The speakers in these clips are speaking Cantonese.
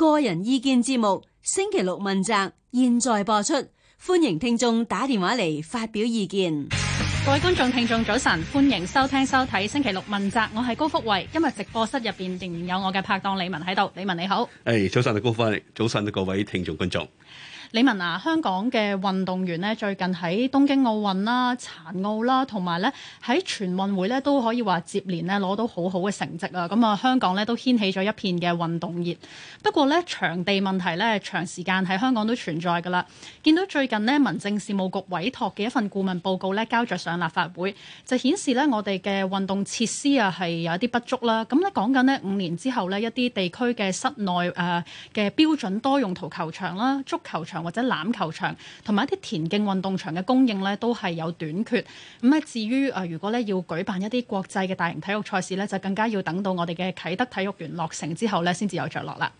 個人意見節目星期六問責現在播出，歡迎聽眾打電話嚟發表意見。各位觀眾聽眾早晨，歡迎收聽收睇星期六問責，我係高福慧，今日直播室入邊仍然有我嘅拍檔李文喺度，李文你好。誒，早晨高福慧，早晨各位聽眾觀眾。李文啊，香港嘅運動員咧，最近喺東京奧運啦、殘奧啦，同埋咧喺全運會咧，都可以話接連咧攞到好好嘅成績啊！咁、嗯、啊，香港咧都掀起咗一片嘅運動熱。不過咧，場地問題咧，長時間喺香港都存在噶啦。見到最近咧，民政事務局委託嘅一份顧問報告咧，交著上立法會，就顯示咧我哋嘅運動設施啊，係有一啲不足啦。咁、嗯、咧講緊咧五年之後咧，一啲地區嘅室內誒嘅、呃、標準多用途球場啦、足球場、或者籃球場同埋一啲田徑運動場嘅供應咧，都係有短缺。咁咧，至於誒，如果咧要舉辦一啲國際嘅大型體育賽事咧，就更加要等到我哋嘅啟德體育園落成之後咧，先至有着落啦。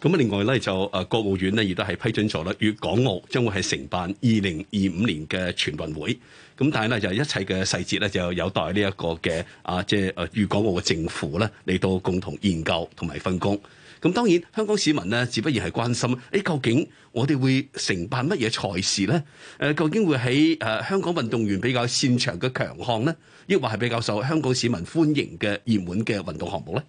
咁啊，另外咧就誒，國務院咧亦都係批准咗啦，粵港澳將會係承辦二零二五年嘅全運會。咁但係咧就一切嘅細節咧，就有待呢一個嘅啊，即係誒，粵港澳嘅政府咧嚟到共同研究同埋分工。咁當然，香港市民咧，自不然係關心，誒，究竟我哋會承辦乜嘢賽事咧？誒，究竟會喺誒香港運動員比較擅長嘅強項咧，亦或係比較受香港市民歡迎嘅熱門嘅運動項目呢？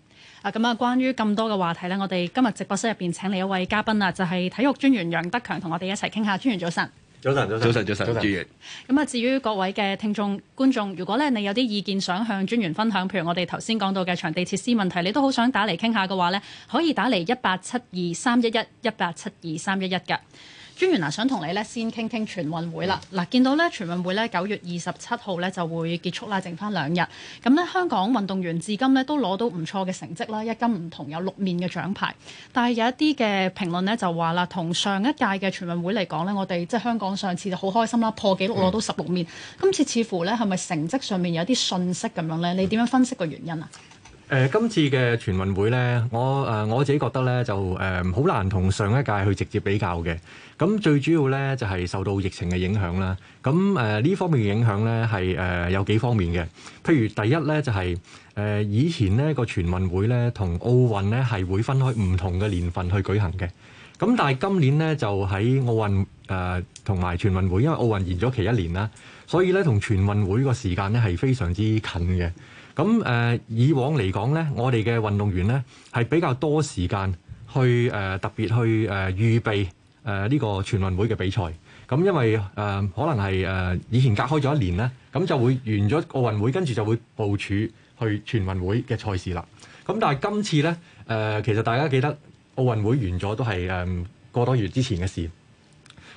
啊，咁啊，關於咁多嘅話題咧，我哋今日直播室入邊請嚟一位嘉賓啊，就係體育專員楊德強，同我哋一齊傾下。專員早晨。早晨，早晨，早晨，早晨，咁啊，至於各位嘅聽眾、觀眾，如果咧你有啲意見想向專員分享，譬如我哋頭先講到嘅場地設施問題，你都好想打嚟傾下嘅話咧，可以打嚟一八七二三一一一八七二三一一嘅。專員啊，想同你咧先傾傾全運會啦。嗱，見到咧全運會咧九月二十七號咧就會結束啦，剩翻兩日。咁咧香港運動員至今咧都攞到唔錯嘅成績啦，一金唔同有六面嘅獎牌。但係有一啲嘅評論咧就話啦，同上一屆嘅全運會嚟講咧，我哋即係香港上次就好開心啦，破紀錄攞到十六面、嗯。今次似乎咧係咪成績上面有啲訊息咁樣咧？你點樣分析個原因啊？呃、今次嘅全運會呢，我我自己覺得呢就誒好難同上一屆去直接比較嘅。咁最主要呢，就係受到疫情嘅影響啦。咁誒呢方面嘅影響呢，係誒有幾方面嘅。譬如第一呢，就係誒以前呢個全運會呢，同奧運呢係會分開唔同嘅年份去舉行嘅。咁但係今年呢，就喺奧運誒同埋全運會，因為奧運延咗期一年啦，所以呢，同全運會個時間呢係非常之近嘅。咁誒以往嚟講呢，我哋嘅運動員呢係比較多時間去誒特別去誒預備誒呢個全運會嘅比賽。咁因為誒可能係誒以前隔開咗一年呢，咁就會完咗奧運會，跟住就會部署去全運會嘅賽事啦。咁但係今次呢誒，其實大家記得奧運會完咗都係誒個多月之前嘅事。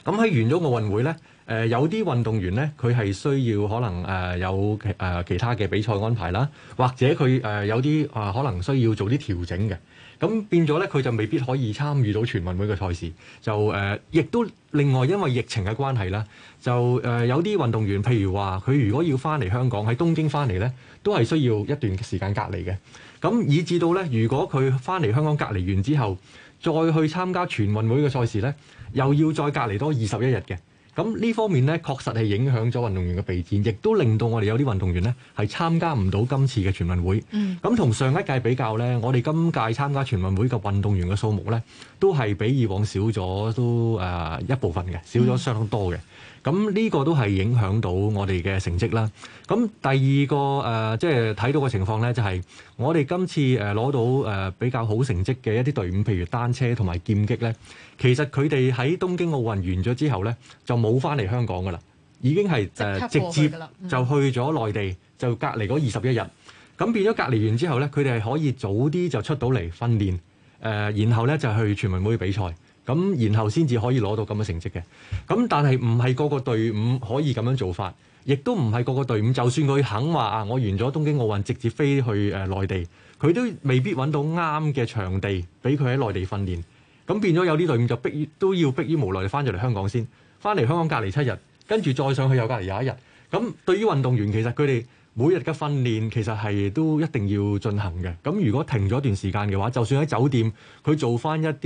咁喺完咗奧運會呢，誒有啲運動員呢，佢係需要可能誒有誒其他嘅比賽安排啦，或者佢誒有啲啊可能需要做啲調整嘅，咁變咗呢，佢就未必可以參與到全運會嘅賽事，就誒亦、呃、都另外因為疫情嘅關係啦，就誒、呃、有啲運動員，譬如話佢如果要翻嚟香港喺東京翻嚟呢，都係需要一段時間隔離嘅，咁以至到呢，如果佢翻嚟香港隔離完之後，再去參加全運會嘅賽事呢，又要再隔離多二十一日嘅，咁呢方面呢，確實係影響咗運動員嘅備戰，亦都令到我哋有啲運動員呢係參加唔到今次嘅全運會。咁、嗯、同上一屆比較呢，我哋今屆參加全運會嘅運動員嘅數目呢，都係比以往少咗，都誒、呃、一部分嘅，少咗相當多嘅。咁、嗯、呢個都係影響到我哋嘅成績啦。咁第二個誒，即係睇到嘅情況呢，就係、是、我哋今次誒攞到誒、呃、比較好成績嘅一啲隊伍，譬如單車同埋劍擊呢。其實佢哋喺東京奧運完咗之後呢，就冇返嚟香港㗎喇，已經係誒直接就去咗內地，就隔離嗰二十一日。咁變咗隔離完之後呢，佢哋係可以早啲就出到嚟訓練。誒、呃，然後咧就去全運會比賽，咁然後先至可以攞到咁嘅成績嘅。咁但係唔係個個隊伍可以咁樣做法，亦都唔係個個隊伍。就算佢肯話啊，我完咗東京奧運直接飛去誒內、呃、地，佢都未必揾到啱嘅場地俾佢喺內地訓練。咁變咗有啲隊伍就逼都要逼於無奈，就翻咗嚟香港先，翻嚟香港隔離七日，跟住再上去又隔離廿一日。咁對於運動員其實佢哋。每日嘅訓練其實係都一定要進行嘅。咁如果停咗一段時間嘅話，就算喺酒店佢做翻一啲誒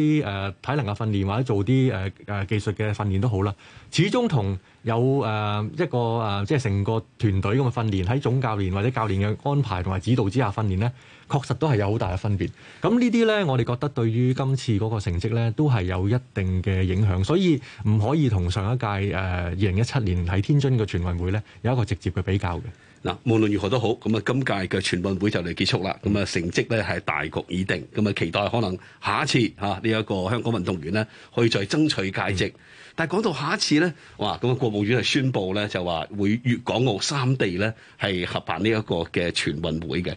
體能嘅訓練，或者做啲誒誒技術嘅訓練都好啦。始終同有誒一個誒即係成個團隊咁嘅訓練，喺總教練或者教練嘅安排同埋指導之下訓練呢，確實都係有好大嘅分別。咁呢啲呢，我哋覺得對於今次嗰個成績呢，都係有一定嘅影響，所以唔可以同上一屆誒二零一七年喺天津嘅全運會呢，有一個直接嘅比較嘅。嗱，無論如何都好，咁啊，今屆嘅全運會就嚟結束啦。咁、嗯、啊，成績咧係大局已定，咁啊，期待可能下一次嚇呢一個香港運動員咧，可以再爭取佳績、嗯。但係講到下一次咧，哇，咁啊，國務院係宣布咧，就話會粵港澳三地咧係合辦呢一個嘅全運會嘅。咁、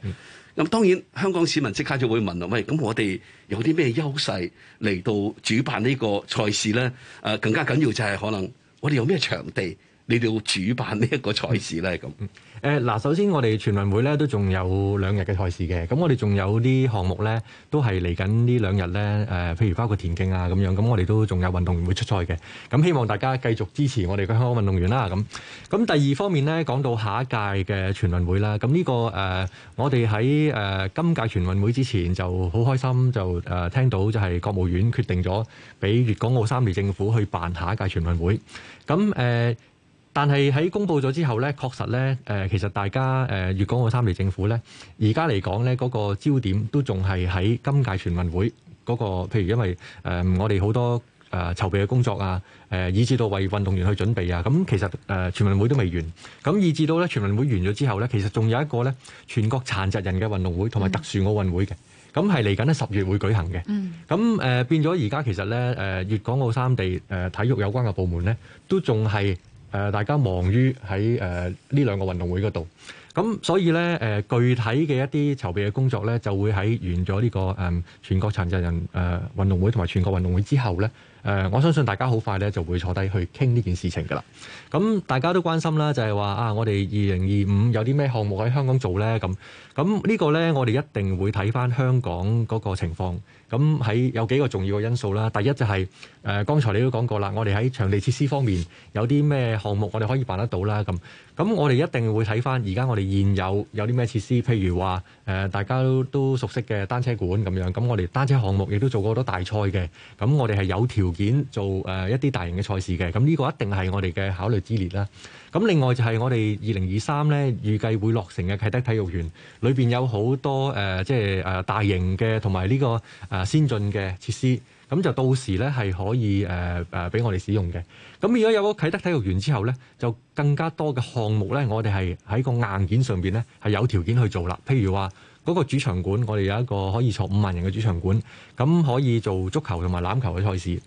嗯、當然香港市民即刻就會問啦，喂，咁我哋有啲咩優勢嚟到主辦呢個賽事咧？誒，更加緊要就係可能我哋有咩場地你哋要主辦呢一個賽事咧？咁、嗯。嗯。誒嗱，首先我哋全運會咧都仲有兩日嘅賽事嘅，咁我哋仲有啲項目咧都係嚟緊呢兩日咧，誒，譬如包括田徑啊咁樣，咁我哋都仲有運動員會出賽嘅，咁希望大家繼續支持我哋嘅香港運動員啦。咁，咁第二方面咧，講到下一屆嘅全運會啦，咁呢個誒，我哋喺誒今屆全運會之前就好開心就誒聽到就係國務院決定咗，俾粵港澳三地政府去辦下一屆全運會，咁誒。但係喺公布咗之後咧，確實咧，誒其實大家誒粵港澳三地政府咧，而家嚟講咧嗰個焦點都仲係喺今屆全運會嗰個，譬如因為誒我哋好多誒籌備嘅工作啊，誒以至到為運動員去準備啊。咁其實誒全運會都未完，咁以至到咧全運會完咗之後咧，其實仲有一個咧全國殘疾人嘅運動會同埋特殊奧運會嘅，咁係嚟緊咧十月會舉行嘅。咁誒變咗而家其實咧誒粵港澳三地誒體育有關嘅部門咧，都仲係。誒大家忙於喺誒呢兩個運動會嗰度，咁所以呢誒具體嘅一啲籌備嘅工作呢，就會喺完咗呢個誒全國殘疾人誒運動會同埋全國運動會之後呢，誒我相信大家好快呢就會坐低去傾呢件事情㗎啦。咁大家都關心啦，就係話啊，我哋二零二五有啲咩項目喺香港做呢？咁咁呢個呢，我哋一定會睇返香港嗰個情況。咁喺有幾個重要嘅因素啦，第一就係。誒，剛才你都講過啦，我哋喺場地設施方面有啲咩項目，我哋可以辦得到啦。咁，咁我哋一定會睇返而家我哋現有有啲咩設施，譬如話誒，大家都熟悉嘅單車館咁樣。咁我哋單車項目亦都做過好多大賽嘅。咁我哋係有條件做誒一啲大型嘅賽事嘅。咁呢個一定係我哋嘅考慮之列啦。咁另外就係我哋二零二三呢，預計會落成嘅啟德體育園，裏邊有好多誒，即係誒大型嘅同埋呢個誒先進嘅設施。咁就到時呢係可以誒、呃呃、俾我哋使用嘅。咁如果有個啟德體育園之後呢，就更加多嘅項目呢，我哋係喺個硬件上面呢係有條件去做啦。譬如話嗰個主場館，我哋有一個可以坐五萬人嘅主場館，咁可以做足球同埋欖球嘅賽事。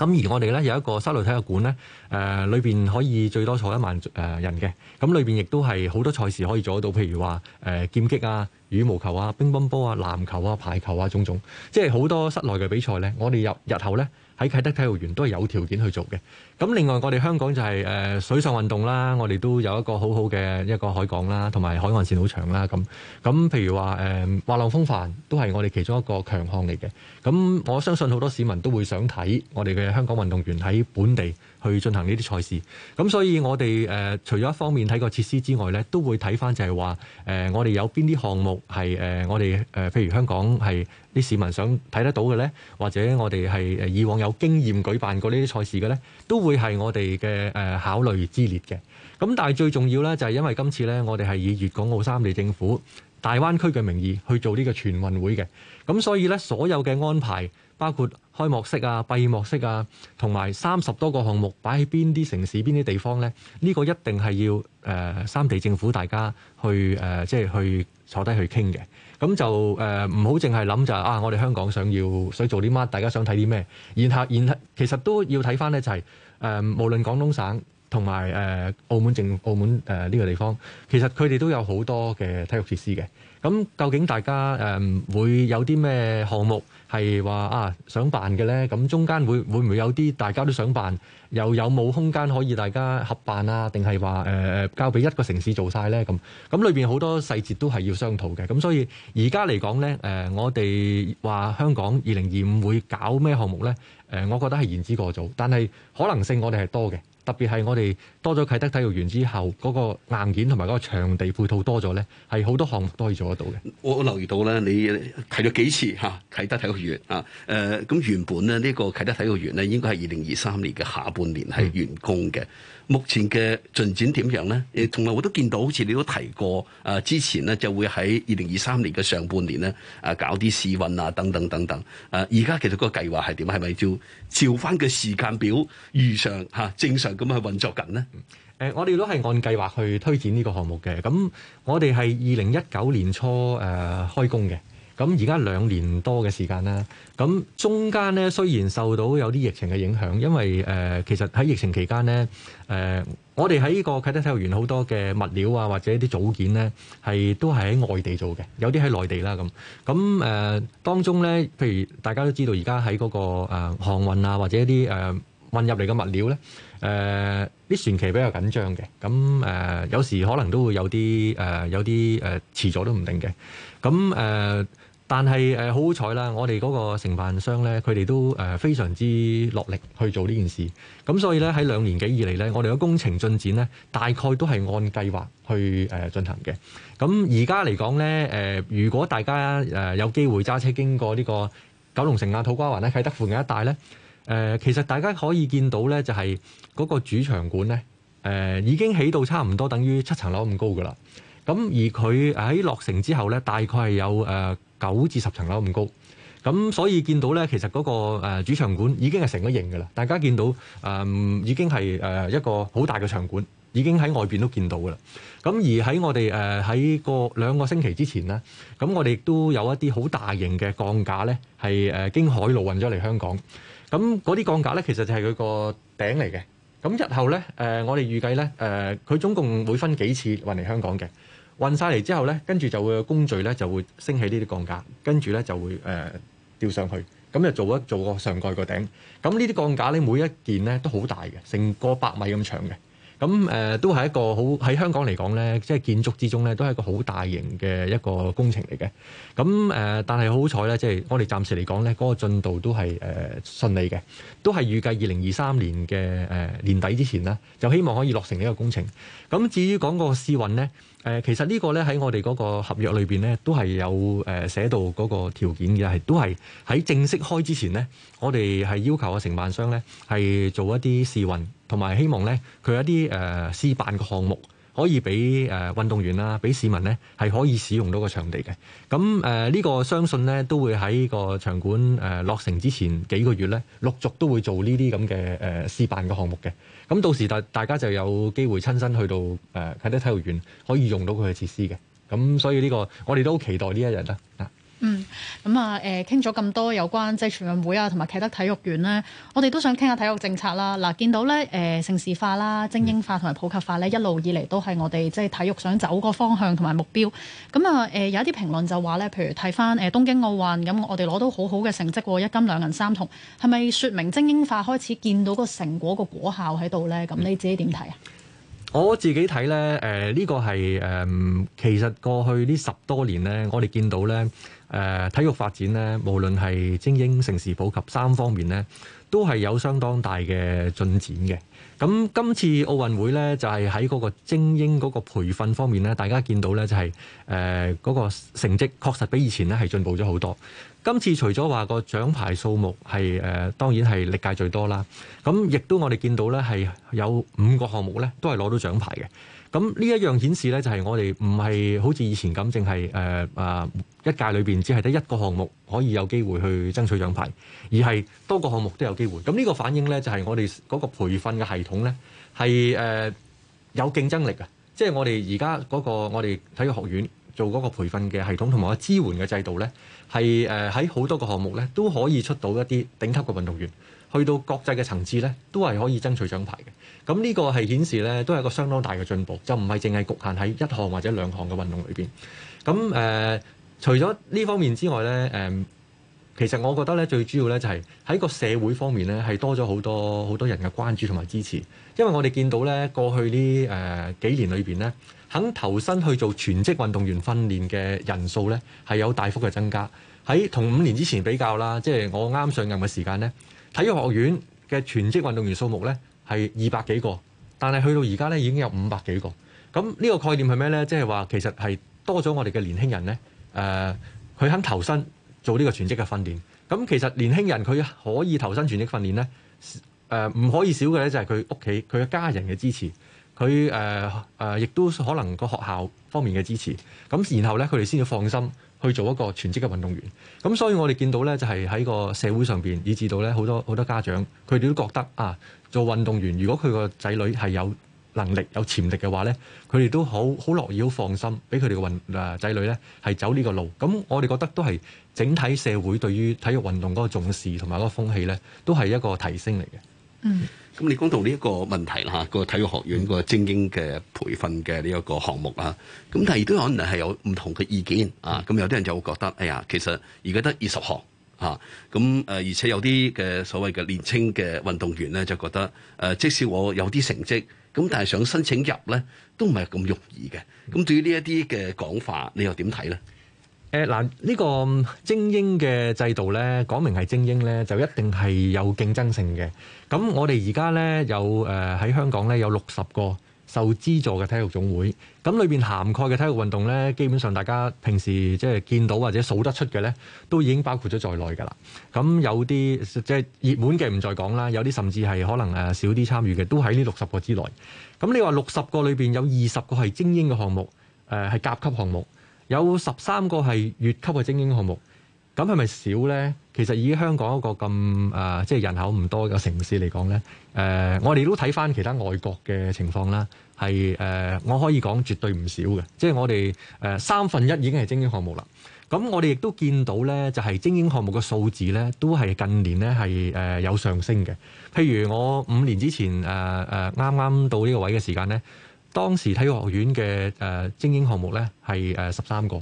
咁而我哋咧有一個室內體育館咧，誒裏面可以最多坐一萬人嘅，咁裏面亦都係好多賽事可以做得到，譬如話誒劍擊啊、羽毛球啊、乒乓波啊、籃球啊、排球啊，種種，即係好多室內嘅比賽咧。我哋日日後咧，喺啟德體育園都係有條件去做嘅。咁另外，我哋香港就係誒水上運動啦，我哋都有一個好好嘅一個海港啦，同埋海岸線好長啦。咁咁，譬如話誒滑浪風帆都係我哋其中一個強項嚟嘅。咁我相信好多市民都會想睇我哋嘅香港運動員喺本地。去進行呢啲賽事，咁所以我哋、呃、除咗一方面睇個設施之外，呢都會睇翻就係話、呃、我哋有邊啲項目係、呃、我哋、呃、譬如香港係啲市民想睇得到嘅呢，或者我哋係以往有經驗舉辦過呢啲賽事嘅呢，都會係我哋嘅、呃、考慮之列嘅。咁但係最重要呢，就係因為今次呢，我哋係以粵港澳三地政府大灣區嘅名義去做呢個全運會嘅，咁所以呢，所有嘅安排，包括開幕式啊、閉幕式啊，同埋三十多個項目擺喺邊啲城市、邊啲地方呢？呢、這個一定係要誒、呃、三地政府大家去誒、呃，即係去坐低去傾嘅。咁就誒唔好淨係諗就係啊！我哋香港想要想做啲乜，大家想睇啲咩？然後，然後其實都要睇返呢，就係、是、誒、呃、無論廣東省同埋誒澳門政澳門誒呢、呃這個地方，其實佢哋都有好多嘅體育設施嘅。咁究竟大家誒會有啲咩項目係話啊想辦嘅咧？咁中間會會唔會有啲大家都想辦又有冇空間可以大家合辦啊？定係話誒誒交俾一個城市做曬咧？咁咁裏邊好多細節都係要商討嘅。咁所以而家嚟講咧誒，我哋話香港二零二五會搞咩項目咧？誒，我覺得係言之過早，但係可能性我哋係多嘅。特別係我哋多咗啟德體育園之後，嗰、那個硬件同埋嗰個場地配套多咗咧，係好多項目都可以做得到嘅。我留意到咧，你提咗幾次嚇、啊，啟德體育園啊，誒，咁原本咧呢個啟德體育園咧應該係二零二三年嘅下半年係完工嘅。嗯目前嘅進展點樣咧？誒，同埋我都見到，好似你都提過，誒，之前咧就會喺二零二三年嘅上半年咧，誒，搞啲試運啊，等等等等。誒，而家其實個計劃係點？係咪照照翻個時間表，如常嚇正常咁去運作緊呢？誒、呃，我哋都係按計劃去推展呢個項目嘅。咁我哋係二零一九年初誒、呃、開工嘅。咁而家兩年多嘅時間啦，咁中間咧雖然受到有啲疫情嘅影響，因為誒其實喺疫情期間咧，誒我哋喺呢個啟德體育園好多嘅物料啊或者啲組件咧，係都係喺外地做嘅，有啲喺內地啦咁。咁誒當中咧，譬如大家都知道而家喺嗰個誒航運啊或者啲誒運入嚟嘅物料咧，誒啲船期比較緊張嘅，咁誒有時可能都會有啲誒有啲誒遲咗都唔定嘅，咁誒。但係誒，好好彩啦！我哋嗰個承辦商咧，佢哋都、呃、非常之落力去做呢件事。咁所以咧，喺兩年幾以嚟咧，我哋嘅工程進展咧，大概都係按計劃去誒、呃、進行嘅。咁而家嚟講咧，如果大家、呃、有機會揸車經過呢個九龍城啊、土瓜灣咧、啟德附近一帶咧、呃，其實大家可以見到咧，就係、是、嗰個主場館咧、呃，已經起到差唔多等於七層樓咁高㗎喇。咁而佢喺落成之後咧，大概係有、呃九至十層樓咁高，咁所以見到咧，其實嗰個誒主場館已經係成咗形嘅啦。大家見到誒已經係誒一個好大嘅場館，已經喺外邊都見到嘅啦。咁而喺我哋誒喺個兩個星期之前咧，咁我哋亦都有一啲好大型嘅鋼架咧，係誒經海路運咗嚟香港。咁嗰啲鋼架咧，其實就係佢個頂嚟嘅。咁日後咧，誒我哋預計咧，誒佢總共會分幾次運嚟香港嘅。運晒嚟之後呢，跟住就會有工序呢，就會升起呢啲鋼架，跟住呢就會誒吊、呃、上去，咁就做一做個上蓋個頂。咁呢啲鋼架呢，每一件呢都好大嘅，成個百米咁長嘅。咁誒都係一個好喺香港嚟講咧，即係建築之中咧，都係一個好大型嘅一個工程嚟嘅。咁誒，但係好好彩咧，即係我哋暫時嚟講咧，嗰個進度都係誒順利嘅，都係預計二零二三年嘅誒年底之前咧，就希望可以落成呢個工程。咁至於講個試運咧，誒其實呢個咧喺我哋嗰個合約裏邊咧，都係有誒寫到嗰個條件嘅，係都係喺正式開之前咧，我哋係要求個承辦商咧係做一啲試運。同埋希望呢，佢有一啲誒試辦嘅項目，可以俾誒運動員啦，俾市民呢係可以使用到個場地嘅。咁呢個相信呢都會喺個場館誒落成之前幾個月呢，陸續都會做呢啲咁嘅誒試辦嘅項目嘅。咁到時大大家就有機會親身去到誒，喺啟德體育園可以用到佢嘅設施嘅。咁所以呢個我哋都好期待呢一日啦。嗯，咁、嗯、啊，傾咗咁多有關即係全運會啊，同埋啟德體育園呢，我哋都想傾下體育政策啦。嗱，見到咧、呃，城市化啦、精英化同埋普及化咧，一路以嚟都係我哋即係體育想走個方向同埋目標。咁、嗯、啊、嗯呃，有一啲評論就話咧，譬如睇翻誒東京奧運，咁我哋攞到好好嘅成績，一金兩銀三銅，係咪説明精英化開始見到個成果個果效喺度咧？咁你自己點睇啊？我自己睇咧，呢、呃呢個係、呃、其實過去呢十多年咧，我哋見到咧。誒體育發展咧，無論係精英、城市普及三方面咧，都係有相當大嘅進展嘅。咁今次奧運會咧，就係喺嗰個精英嗰個培訓方面咧，大家見到咧就係誒嗰個成績確實比以前咧係進步咗好多。今次除咗話個獎牌數目係、呃、當然係歷屆最多啦，咁亦都我哋見到咧係有五個項目咧都係攞到獎牌嘅。咁呢一樣顯示咧，就係我哋唔係好似以前咁，淨係誒啊一屆裏邊只係得一個項目可以有機會去爭取獎牌，而係多個項目都有機會。咁呢個反映咧，就係我哋嗰個培訓嘅系統咧，係誒有競爭力嘅。即係我哋而家嗰個我哋體育學院做嗰個培訓嘅系統同埋嗰個支援嘅制度咧，係誒喺好多個項目咧都可以出到一啲頂級嘅運動員。去到國際嘅層次呢，都係可以爭取獎牌嘅。咁呢個係顯示呢，都係一個相當大嘅進步，就唔係淨係局限喺一項或者兩項嘅運動裏面。咁誒、呃，除咗呢方面之外呢、呃，其實我覺得呢，最主要呢就係喺個社會方面呢，係多咗好多好多人嘅關注同埋支持。因為我哋見到呢，過去呢誒、呃、幾年裏面呢，肯投身去做全職運動員訓練嘅人數呢，係有大幅嘅增加。喺同五年之前比較啦。即係我啱上任嘅時間呢。體育學院嘅全職運動員數目呢係二百幾個，但係去到而家呢已經有五百幾個。咁呢個概念係咩呢？即係話其實係多咗我哋嘅年輕人呢，誒、呃、佢肯投身做呢個全職嘅訓練。咁其實年輕人佢可以投身全職訓練呢，誒、呃、唔可以少嘅呢，就係佢屋企佢嘅家人嘅支持。佢誒亦都可能個學校方面嘅支持，咁然後咧，佢哋先要放心去做一個全職嘅運動員。咁所以我哋見到咧，就係喺個社會上邊，以至到咧好多好多家長，佢哋都覺得啊，做運動員，如果佢個仔女係有能力、有潛力嘅話咧，佢哋都好好樂意、好放心，俾佢哋嘅運誒仔女咧係走呢個路。咁我哋覺得都係整體社會對於體育運動嗰個重視同埋嗰個風氣咧，都係一個提升嚟嘅。嗯，咁你講到呢一個問題啦吓，個體育學院個精英嘅培訓嘅呢一個項目啊，咁但係亦都可能係有唔同嘅意見啊。咁有啲人就會覺得，哎呀，其實而家得二十項吓，咁誒，而且有啲嘅所謂嘅年青嘅運動員咧，就覺得誒，即使我有啲成績，咁但係想申請入咧，都唔係咁容易嘅。咁對於呢一啲嘅講法，你又點睇咧？誒、呃，嗱，呢個精英嘅制度咧，講明係精英咧，就一定係有競爭性嘅。咁我哋而家呢，有誒喺香港呢，有六十個受資助嘅體育總會，咁裏面涵蓋嘅體育運動呢，基本上大家平時即係見到或者數得出嘅呢，都已經包括咗在內噶啦。咁有啲即係熱門嘅唔再講啦，有啲甚至係可能少啲參與嘅，都喺呢六十個之內。咁你話六十個裏面有二十個係精英嘅項目，誒係甲級項目，有十三個係乙級嘅精英項目，咁係咪少呢？其實以香港一個咁誒，即係人口唔多嘅城市嚟講咧，誒，我哋都睇返其他外國嘅情況啦。係誒，我可以講絕對唔少嘅，即係我哋誒三分一已經係精英項目啦。咁我哋亦都見到咧，就係精英項目嘅數字咧，都係近年咧係誒有上升嘅。譬如我五年之前誒誒啱啱到呢個位嘅時間咧，當時體育學院嘅誒精英項目咧係誒十三個，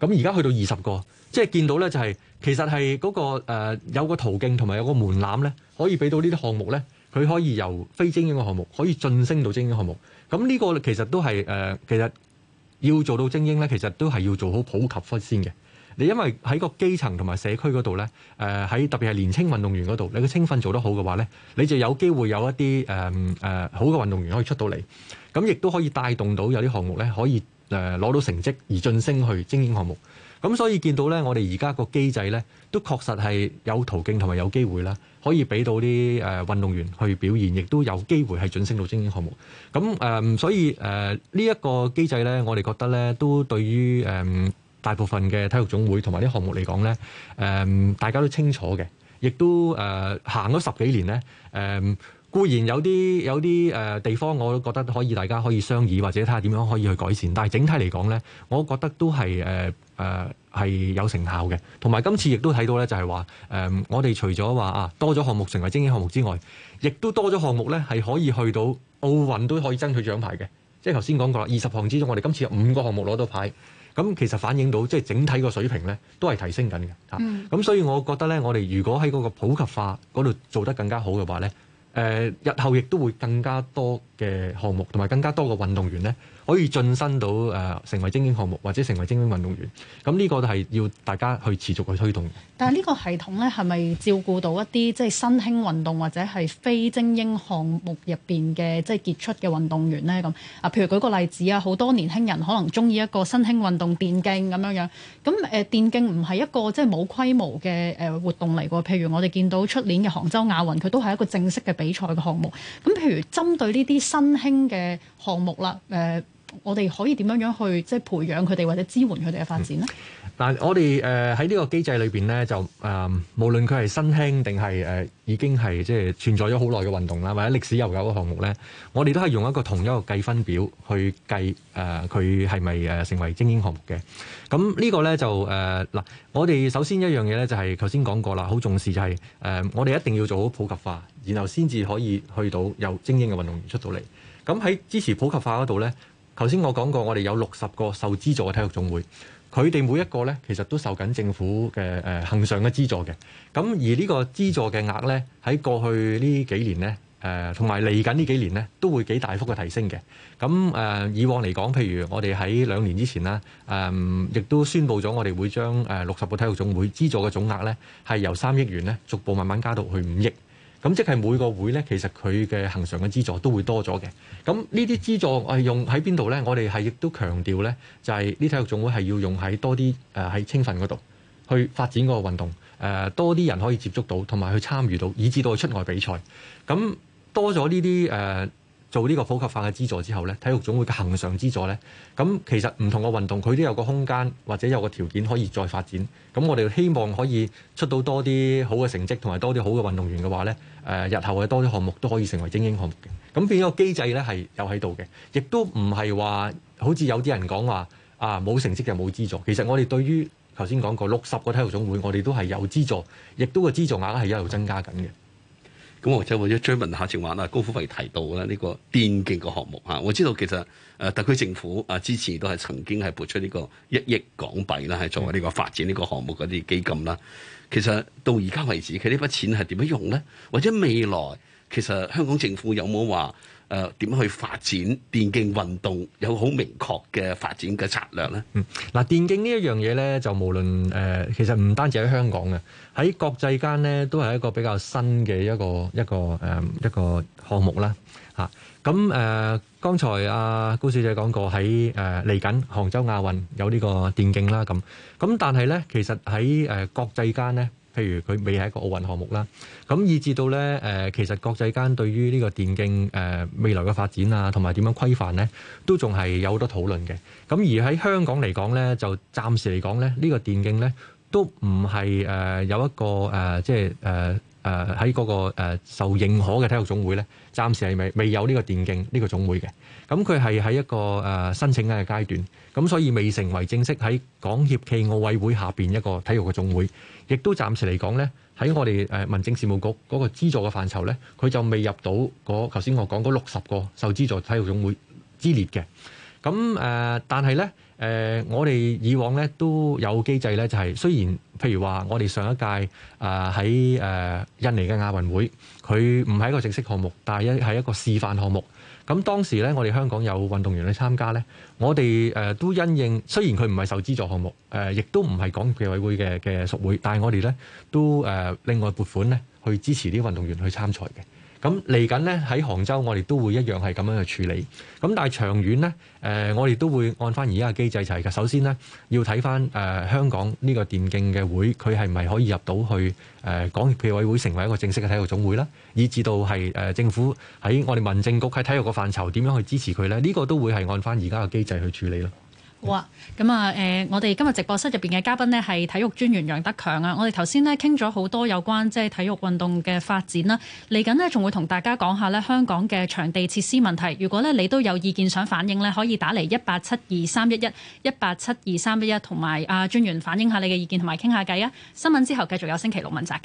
咁而家去到二十個。即係見到咧、就係，就係其實係嗰、嗰個、呃、有個途徑同埋有個門檻咧，可以俾到呢啲項目咧，佢可以由非精英嘅項目可以晉升到精英項目。咁呢個其實都係、呃、其實要做到精英咧，其實都係要做好普及分先嘅。你因為喺個基層同埋社區嗰度咧，喺、呃、特別係年青運動員嗰度，你嘅青訓做得好嘅話咧，你就有機會有一啲、呃呃、好嘅運動員可以出到嚟，咁亦都可以帶動到有啲項目咧可以攞、呃、到成績而晉升去精英項目。咁所以見到呢，我哋而家個機制呢，都確實係有途徑同埋有機會啦，可以俾到啲誒運動員去表現，亦都有機會係晉升到精英項目。咁、呃、所以誒呢一個機制呢，我哋覺得呢，都對於誒、呃、大部分嘅體育總會同埋啲項目嚟講呢、呃，大家都清楚嘅，亦都誒、呃、行咗十幾年呢。呃固然有啲有啲、呃、地方，我都覺得可以大家可以商議，或者睇下點樣可以去改善。但係整體嚟講呢，我覺得都係誒誒係有成效嘅。同埋今次亦都睇到呢，就係話、呃、我哋除咗話啊多咗項目成為精英項目之外，亦都多咗項目呢係可以去到奧運都可以爭取獎牌嘅。即係頭先講過啦，二十項之中，我哋今次有五個項目攞到牌，咁其實反映到即係整體個水平呢都係提升緊嘅嚇。咁、啊、所以我覺得呢，我哋如果喺嗰個普及化嗰度做得更加好嘅話呢。誒，日後亦都會更加多嘅項目，同埋更加多嘅運動員咧，可以晉身到誒成為精英項目或者成為精英運動員，咁呢個都係要大家去持續去推動的。但係呢個系統呢，係咪照顧到一啲即係新興運動或者係非精英項目入邊嘅即係傑出嘅運動員呢？咁啊，譬如舉個例子啊，好多年輕人可能中意一個新興運動電競咁樣樣，咁誒電競唔係一個即係冇規模嘅誒活動嚟㗎。譬如我哋見到出年嘅杭州亞運，佢都係一個正式嘅比賽嘅項目。咁譬如針對呢啲新興嘅項目啦，誒。我哋可以點樣樣去即係培養佢哋，或者支援佢哋嘅發展呢？嗱、嗯，但我哋誒喺呢個機制裏邊咧，就誒、呃、無論佢係新興定係誒已經係即係存在咗好耐嘅運動啦，或者歷史悠久嘅項目咧，我哋都係用一個同一個計分表去計誒佢係咪誒成為精英項目嘅。咁呢個咧就誒嗱、呃，我哋首先一樣嘢咧就係頭先講過啦，好重視就係、是、誒、呃、我哋一定要做好普及化，然後先至可以去到有精英嘅運動員出到嚟。咁喺支持普及化嗰度咧。頭先我講過，我哋有六十個受資助嘅體育總會，佢哋每一個呢其實都受緊政府嘅誒恆常嘅資助嘅。咁而呢個資助嘅額呢，喺過去呢幾年呢，誒同埋嚟緊呢幾年呢，都會幾大幅嘅提升嘅。咁、呃、誒以往嚟講，譬如我哋喺兩年之前啦，誒、呃、亦都宣布咗我哋會將誒六十個體育總會資助嘅總額呢，係由三億元呢逐步慢慢加到去五億。咁即係每個會呢，其實佢嘅恒常嘅資助都會多咗嘅。咁呢啲資助係用喺邊度呢？我哋係亦都強調呢，就係、是、呢體育總會係要用喺多啲喺青訓嗰度去發展個運動，呃、多啲人可以接觸到，同埋去參與到，以至到出外比賽。咁多咗呢啲誒。呃做呢個普及化嘅資助之後呢，體育總會嘅恆常資助呢，咁其實唔同嘅運動佢都有個空間或者有個條件可以再發展。咁我哋希望可以出到多啲好嘅成績同埋多啲好嘅運動員嘅話呢，誒日後嘅多啲項目都可以成為精英項目嘅。咁變咗個機制呢係有喺度嘅，亦都唔係話好似有啲人講話啊，冇成績就冇資助。其實我哋對於頭先講過六十個體育總會，我哋都係有資助，亦都個資助額係一路增加緊嘅。咁或者或者追問下正話啦，高虎為提到啦呢個電競個項目吓，我知道其實誒特區政府啊之前都係曾經係撥出呢個一億港幣啦，係作為呢個發展呢個項目嗰啲基金啦。其實到而家為止，佢呢筆錢係點樣用咧？或者未來其實香港政府有冇話？誒點去發展電競運動，有好明確嘅發展嘅策略咧？嗯，嗱，電競呢一樣嘢咧，就無論誒，其實唔單止喺香港嘅，喺國際間咧，都係一個比較新嘅一個一個誒一個項目啦。嚇，咁誒，剛才阿高小姐講過喺誒嚟緊杭州亞運有呢個電競啦，咁咁，但係咧，其實喺誒國際間咧。譬如佢未係一個奧運項目啦，咁以至到咧誒，其實國際間對於呢個電競誒未來嘅發展啊，同埋點樣規範咧，都仲係有好多討論嘅。咁而喺香港嚟講咧，就暫時嚟講咧，呢個電競咧都唔係誒有一個誒，即係誒誒喺嗰個誒受認可嘅體育總會咧，暫時係未未有呢個電競呢個總會嘅。咁佢係喺一個誒申請嘅階段，咁所以未成為正式喺港協暨奧委會下邊一個體育嘅總會。亦都暫時嚟講咧，喺我哋誒民政事務局嗰個資助嘅範疇咧，佢就未入到嗰頭先我講嗰六十個受資助體育總會之列嘅。咁誒、呃，但係咧誒，我哋以往咧都有機制咧、就係，就係雖然譬如話我哋上一屆啊喺誒印尼嘅亞運會，佢唔係一個正式項目，但係一係一個示範項目。噉當時我哋香港有運動員去參加呢，我哋都因應，雖然佢唔係受資助項目，也亦都唔係港體委會嘅嘅屬會，但係我哋呢都另外撥款去支持啲運動員去參賽嘅。咁嚟緊呢，喺杭州，我哋都會一樣係咁樣去處理。咁但係長遠呢，呃、我哋都會按翻而家嘅機制嚟嘅。就係首先呢，要睇翻誒香港呢個電競嘅會，佢係咪可以入到去誒、呃、港協暨委會成為一個正式嘅體育總會啦？以至到係、呃、政府喺我哋民政局喺體育嘅範疇點樣去支持佢咧？呢、呢個都會係按翻而家嘅機制去處理咯。哇咁啊，誒，我哋今日直播室入邊嘅嘉賓呢係體育專員楊德強啊。我哋頭先呢傾咗好多有關即係體育運動嘅發展啦，嚟緊呢仲會同大家講下呢香港嘅場地設施問題。如果呢你都有意見想反映呢，可以打嚟一八七二三一一一八七二三一一，同埋阿專員反映下你嘅意見同埋傾下偈啊。新聞之後繼續有星期六問責。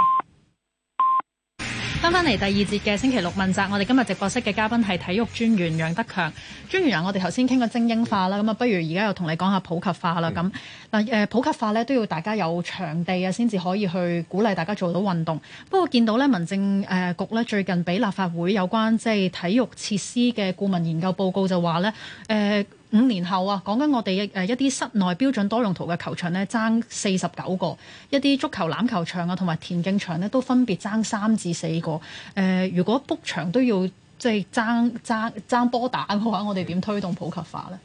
翻翻嚟第二節嘅星期六問責，我哋今日直播室嘅嘉賓係體育專員楊德強專員啊。我哋頭先傾過精英化啦，咁啊不如而家又同你講下普及化啦。咁嗱，誒普及化咧，都要大家有場地啊，先至可以去鼓勵大家做到運動。不過見到咧民政誒局咧，最近俾立法會有關即係體育設施嘅顧問研究報告就話咧，誒、呃。五年後啊，講緊我哋一一啲室內標準多用途嘅球場咧，爭四十九個；一啲足球籃球場啊，同埋田徑場咧，都分別爭三至四個。呃，如果 book 場都要即係爭爭爭波打嘅話，我哋點推動普及化呢？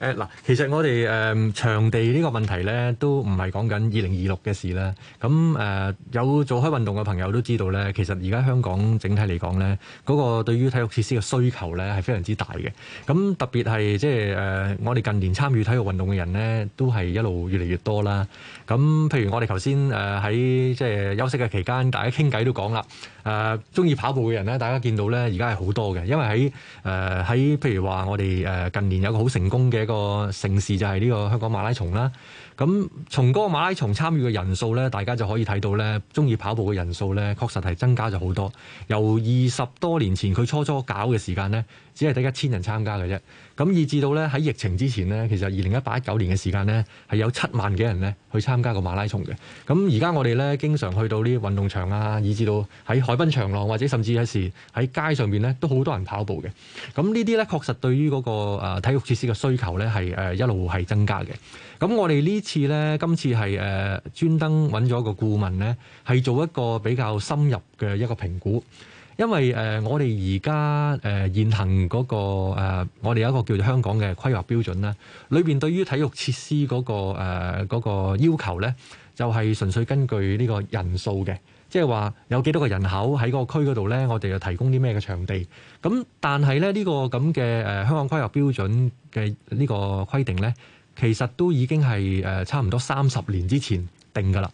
誒嗱，其實我哋誒場地呢個問題咧，都唔係講緊二零二六嘅事啦。咁誒有做開運動嘅朋友都知道咧，其實而家香港整體嚟講咧，嗰個對於體育設施嘅需求咧係非常之大嘅。咁特別係即係誒，我哋近年參與體育運動嘅人咧，都係一路越嚟越多啦。咁譬如我哋頭先誒喺即係休息嘅期間，大家傾偈都講啦，誒中意跑步嘅人咧，大家見到咧而家係好多嘅，因為喺誒喺譬如話我哋誒近年有個好成功嘅個城市就係呢個香港馬拉松啦，咁從嗰個馬拉松參與嘅人數呢，大家就可以睇到呢中意跑步嘅人數呢，確實係增加咗好多。由二十多年前佢初初搞嘅時間呢。只係得一千人參加嘅啫，咁以至到咧喺疫情之前咧，其實二零一八一九年嘅時間咧係有七萬幾人咧去參加個馬拉松嘅。咁而家我哋咧經常去到啲運動場啊，以至到喺海濱長廊或者甚至有時喺街上面咧都好多人跑步嘅。咁呢啲咧確實對於嗰個誒體育設施嘅需求咧係誒一路係增加嘅。咁我哋呢次咧今次係誒專登揾咗一個顧問咧，係做一個比較深入嘅一個評估。因為誒，我哋而家誒現行嗰個誒，我哋有一個叫做香港嘅規劃標準咧，裏面對於體育設施嗰個誒嗰個要求咧，就係純粹根據呢個人數嘅，即係話有幾多個人口喺嗰個區嗰度咧，我哋就提供啲咩嘅場地。咁但係咧，呢個咁嘅誒香港規劃標準嘅呢個規定咧，其實都已經係誒差唔多三十年之前定㗎啦。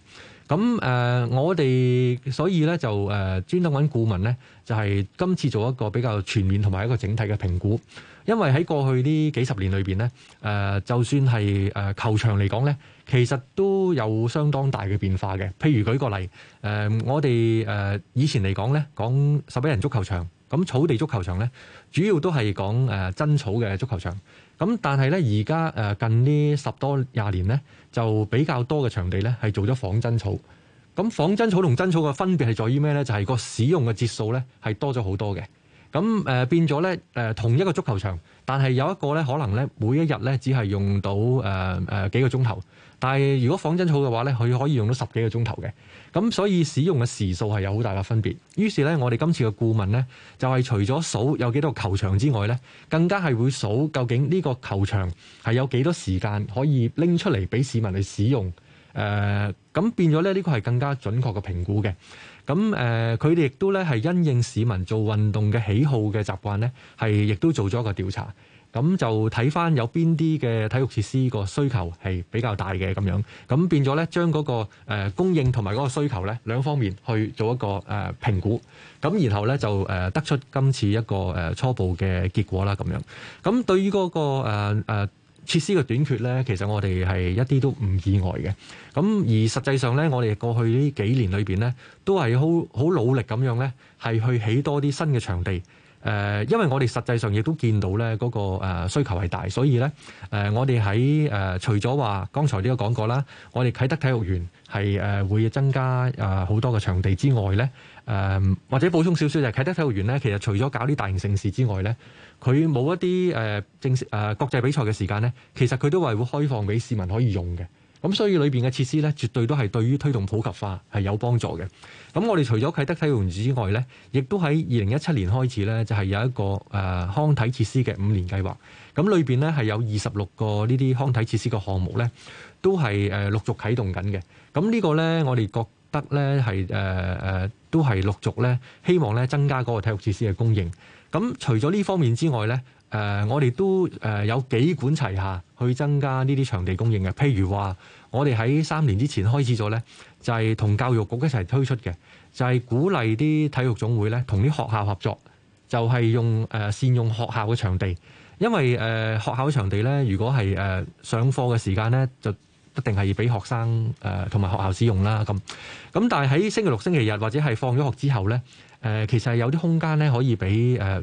咁誒，我哋所以咧就誒專登揾顧問咧，就係今次做一個比較全面同埋一個整體嘅評估，因為喺過去呢幾十年裏邊咧，誒就算係誒球場嚟講咧，其實都有相當大嘅變化嘅。譬如舉個例，誒我哋誒以前嚟講咧，講十一人足球場，咁草地足球場咧，主要都係講誒真草嘅足球場。咁但係咧而家誒近呢十多廿年咧，就比較多嘅場地咧係做咗仿真草。咁仿真草同真草嘅分別係在於咩咧？就係、是、個使用嘅節數咧係多咗好多嘅。咁誒、呃、變咗咧、呃、同一個足球場，但係有一個咧可能咧每一日咧只係用到、呃呃、幾個鐘頭。但係，如果仿真草嘅話咧，佢可以用到十幾個鐘頭嘅，咁所以使用嘅時數係有好大嘅分別。於是咧，我哋今次嘅顧問咧，就係、是、除咗數有幾多球場之外咧，更加係會數究竟呢個球場係有幾多時間可以拎出嚟俾市民去使用。誒、呃，咁變咗咧，呢個係更加準確嘅評估嘅。咁、呃、誒，佢哋亦都咧係因應市民做運動嘅喜好嘅習慣咧，係亦都做咗一個調查。咁就睇翻有邊啲嘅體育設施個需求係比較大嘅咁樣，咁變咗咧，將嗰個誒供應同埋嗰個需求咧，兩方面去做一個誒評估，咁然後咧就誒得出今次一個誒初步嘅結果啦咁樣。咁對於嗰個誒誒設施嘅短缺咧，其實我哋係一啲都唔意外嘅。咁而實際上咧，我哋過去呢幾年裏邊咧，都係好好努力咁樣咧，係去起多啲新嘅場地。誒，因為我哋實際上亦都見到咧，嗰個誒需求係大，所以咧，誒我哋喺誒除咗話剛才呢個講過啦，我哋啟德體育園係誒會增加誒好多嘅場地之外咧，誒或者補充少少就係啟德體育園咧，其實除咗搞啲大型盛事之外咧，佢冇一啲誒正式誒國際比賽嘅時間咧，其實佢都係會開放俾市民可以用嘅。咁所以裏邊嘅設施咧，絕對都係對於推動普及化係有幫助嘅。咁我哋除咗啟德體育園之外咧，亦都喺二零一七年開始咧，就係有一個誒、呃、康體設施嘅五年計劃。咁裏邊咧係有二十六個呢啲康體設施嘅項目咧，都係誒陸續啓動緊嘅。咁呢個咧，我哋覺得咧係誒誒都係陸續咧，希望咧增加嗰個體育設施嘅供應。咁除咗呢方面之外咧。誒、呃，我哋都誒有幾管齊下去增加呢啲場地供應嘅。譬如話，我哋喺三年之前開始咗呢，就係、是、同教育局一齊推出嘅，就係、是、鼓勵啲體育總會呢同啲學校合作，就係、是、用誒、呃、善用學校嘅場地。因為誒、呃、學校場地呢，如果係誒、呃、上課嘅時間呢，就一定係俾學生誒同埋學校使用啦。咁咁，但係喺星期六、星期日或者係放咗學之後呢，誒、呃、其實係有啲空間呢，可以俾誒、呃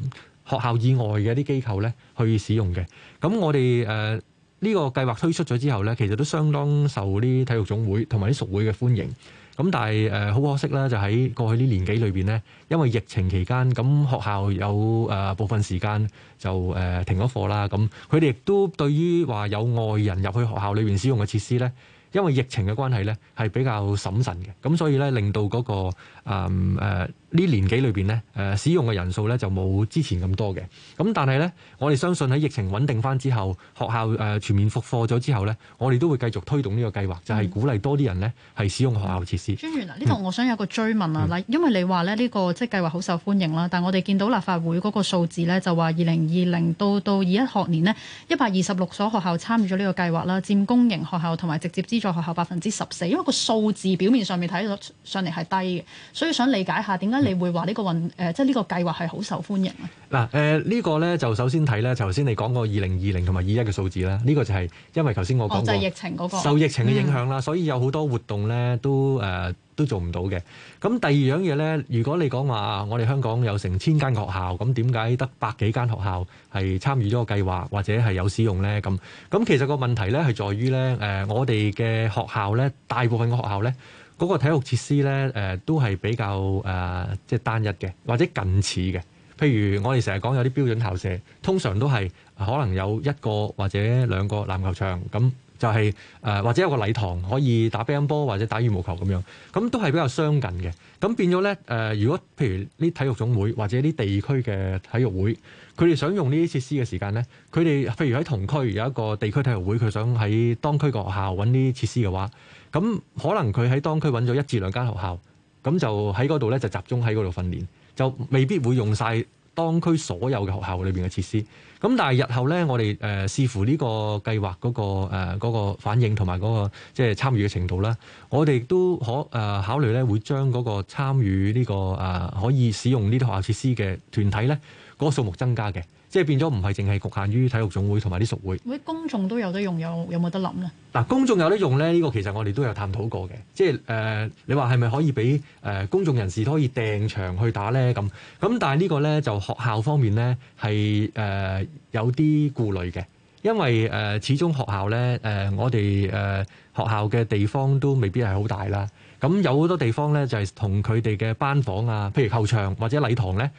學校以外嘅啲機構咧，去使用嘅。咁我哋誒呢個計劃推出咗之後咧，其實都相當受啲體育總會同埋啲屬會嘅歡迎。咁但係誒好可惜啦，就喺過去呢年幾裏邊咧，因為疫情期間，咁學校有誒部分時間就誒停咗課啦。咁佢哋亦都對於話有外人入去學校裏邊使用嘅設施咧，因為疫情嘅關係咧，係比較審慎嘅。咁所以咧，令到嗰個誒。呢年紀裏面呢，誒使用嘅人數呢就冇之前咁多嘅。咁但係呢，我哋相信喺疫情穩定翻之後，學校誒全面復課咗之後呢，我哋都會繼續推動呢個計劃，就係鼓勵多啲人呢係使用學校設施。專員呢度我想有個追問啊、嗯，因為你話呢呢個即係計劃好受歡迎啦，但我哋見到立法會嗰個數字呢，就話二零二零到到二一學年呢，一百二十六所學校參與咗呢個計劃啦，佔公營學校同埋直接資助學校百分之十四。因為個數字表面上面睇到上嚟係低嘅，所以想理解下點解？你會話呢個運誒，即係呢個計劃係好受歡迎啊？嗱，誒呢個咧就首先睇咧，頭先你講個二零二零同埋二一嘅數字啦，呢個就係因為頭先我講過就係疫情嗰個受疫情嘅影響啦，所以有好多活動咧都誒都做唔到嘅。咁第二樣嘢咧，如果你講話啊，我哋香港有成千間學校，咁點解得百幾間學校係參與咗個計劃或者係有使用咧？咁咁其實個問題咧係在於咧，誒我哋嘅學校咧，大部分嘅學校咧。嗰個體育設施咧、呃，都係比較、呃、即係單一嘅，或者近似嘅。譬如我哋成日講有啲標準校舍，通常都係、呃、可能有一個或者兩個籃球場，咁就係、呃、或者有個禮堂可以打乒乓波或者打羽毛球咁樣，咁都係比較相近嘅。咁變咗咧、呃，如果譬如啲體育總會或者啲地區嘅體育會，佢哋想用呢啲設施嘅時間咧，佢哋譬如喺同區有一個地區體育會，佢想喺當區個學校揾啲設施嘅話。咁可能佢喺當區揾咗一至兩間學校，咁就喺嗰度呢就集中喺嗰度訓練，就未必會用晒當區所有嘅學校裏面嘅設施。咁但係日後呢，我哋誒、呃、視乎呢個計劃嗰、嗰個呃嗰個反應同埋嗰個即係、即係、參與嘅程度啦，我哋都可、呃、考慮呢會將嗰個參與呢、呢個、呃、可以使用呢啲學校設施嘅團體呢，嗰、嗰個數目增加嘅。即係變咗唔係淨係局限於體育總會同埋啲屬會，會公眾都有得用，有有冇得諗咧？嗱，公眾有得用咧，呢、呢個其實我哋都有探討過嘅。即係、呃、你話係咪可以俾公眾人士可以訂場去打咧？咁咁，但係呢個咧就學校方面咧係、呃、有啲顧慮嘅，因為誒、呃、始終學校咧誒、呃、我哋誒、呃、學校嘅地方都未必係好大啦。咁有好多地方咧就係同佢哋嘅班房啊，譬如球場或者禮堂咧。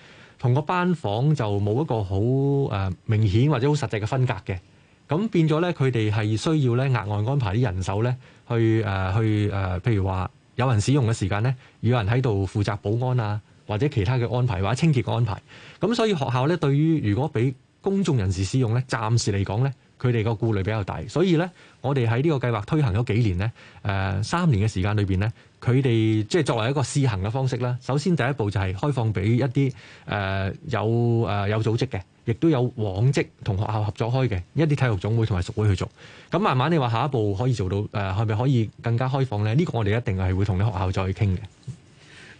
同個班房就冇一個好明顯或者好實際嘅分隔嘅，咁變咗咧，佢哋係需要咧額外安排啲人手咧、呃，去去、呃、譬如話有人使用嘅時間咧，有人喺度負責保安啊，或者其他嘅安排或者清潔嘅安排，咁所以學校咧對於如果俾公眾人士使用咧，暫時嚟講咧。佢哋個顧慮比較大，所以呢，我哋喺呢個計劃推行咗幾年呢、呃，三年嘅時間裏面呢，佢哋即係作為一個試行嘅方式啦。首先第一步就係開放俾一啲、呃、有、呃、有組織嘅，亦都有往績同學校合作開嘅一啲體育總會同埋屬會去做。咁慢慢你話下一步可以做到呃、係咪、可以更加開放呢？呢、呢個我哋一定係會同啲學校再去再傾嘅。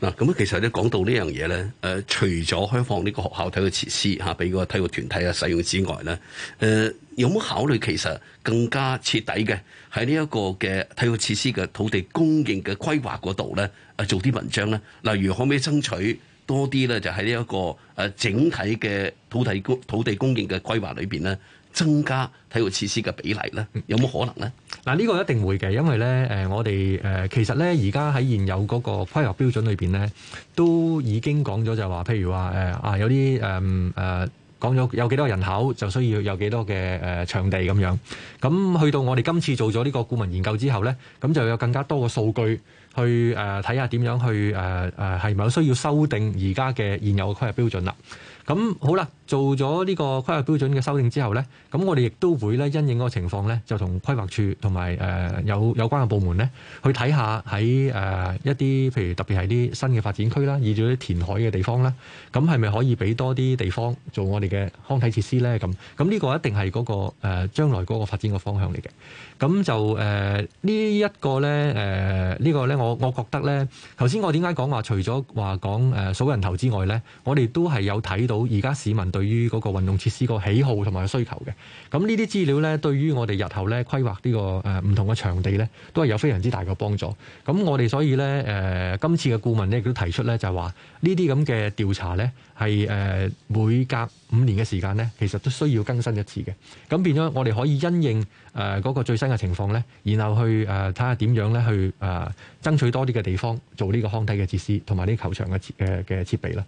嗱，咁其實咧講到呢樣嘢咧，誒，除咗開放呢個學校體育設施吓俾個體育團體啊使用之外咧，誒，有冇考慮其實更加徹底嘅喺呢一個嘅體育設施嘅土地供應嘅規劃嗰度咧，誒，做啲文章咧？例如可唔可以爭取多啲咧？就喺呢一個誒整體嘅土地供土地供應嘅規劃裏邊咧，增加體育設施嘅比例咧，有冇可能咧？嗱，呢個一定會嘅，因為咧誒，我哋誒其實咧而家喺現有嗰個規劃標準裏邊咧，都已經講咗就係話，譬如話誒啊有啲誒誒講咗有幾多人口就需要有幾多嘅誒場地咁樣。咁去到我哋今次做咗呢個顧問研究之後咧，咁就有更加多嘅數據去誒睇下點樣去誒誒係咪需要修訂而家嘅現有嘅規劃標準啦。咁好啦。做咗呢個規劃標準嘅修訂之後咧，咁我哋亦都會咧因應個情況咧，就同規劃處同埋誒有有關嘅部門咧，去睇下喺誒一啲譬如特別係啲新嘅發展區啦，以至啲填海嘅地方啦，咁係咪可以俾多啲地方做我哋嘅康體設施咧？咁咁呢個一定係嗰個誒將來嗰個發展嘅方向嚟嘅。咁就誒呢、呃、一個咧誒呢、呃這個咧，我我覺得咧，頭先我點解講話除咗話講誒數人頭之外咧，我哋都係有睇到而家市民對對於嗰個運動設施個喜好同埋需求嘅，咁呢啲資料呢，對於我哋日後呢規劃呢個誒唔同嘅場地呢，都係有非常之大嘅幫助。咁我哋所以呢，誒、呃、今次嘅顧問呢，亦都提出呢，就係話呢啲咁嘅調查呢，係誒、呃、每隔五年嘅時間呢，其實都需要更新一次嘅。咁變咗我哋可以因應誒嗰個最新嘅情況呢，然後去誒睇下點樣呢，去誒、呃、爭取多啲嘅地方做呢個康體嘅設施同埋呢球場嘅設誒嘅設備啦。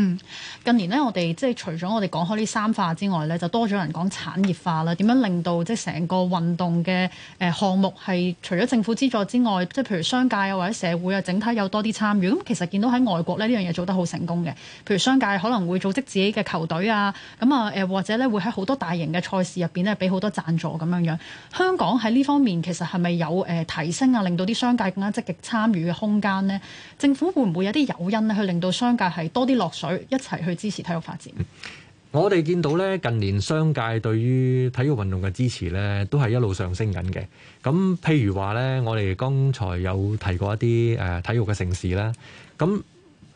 嗯，近年咧，我哋即係除咗我哋講開呢三化之外咧，就多咗人講產業化啦。點樣令到即係成個運動嘅誒項目係除咗政府資助之外，即係譬如商界啊或者社會啊，整體有多啲參與？咁其實見到喺外國咧，呢樣嘢做得好成功嘅。譬如商界可能會組織自己嘅球隊啊，咁啊誒或者咧會喺好多大型嘅賽事入邊咧俾好多贊助咁樣樣。香港喺呢方面其實係咪有誒提升啊，令到啲商界更加積極參與嘅空間呢？政府會唔會有啲誘因去令到商界係多啲落水？一齊去支持體育發展。我哋見到咧近年商界對於體育運動嘅支持咧，都係一路上升緊嘅。咁譬如話咧，我哋剛才有提過一啲誒體育嘅盛事啦。咁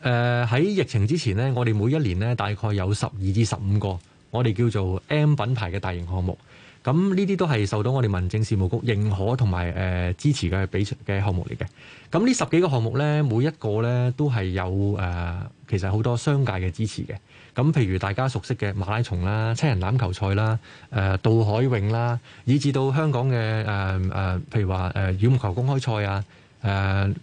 誒喺疫情之前呢我哋每一年呢大概有十二至十五個，我哋叫做 M 品牌嘅大型項目。咁呢啲都係受到我哋民政事務局認可同埋誒支持嘅比嘅項目嚟嘅。咁呢十幾個項目呢，每一個呢都係有、呃、其實好多商界嘅支持嘅。咁譬如大家熟悉嘅馬拉松啦、七人欖球賽啦、誒、呃、渡海泳啦，以至到香港嘅、呃呃、譬如話誒羽毛球公開賽啊、呃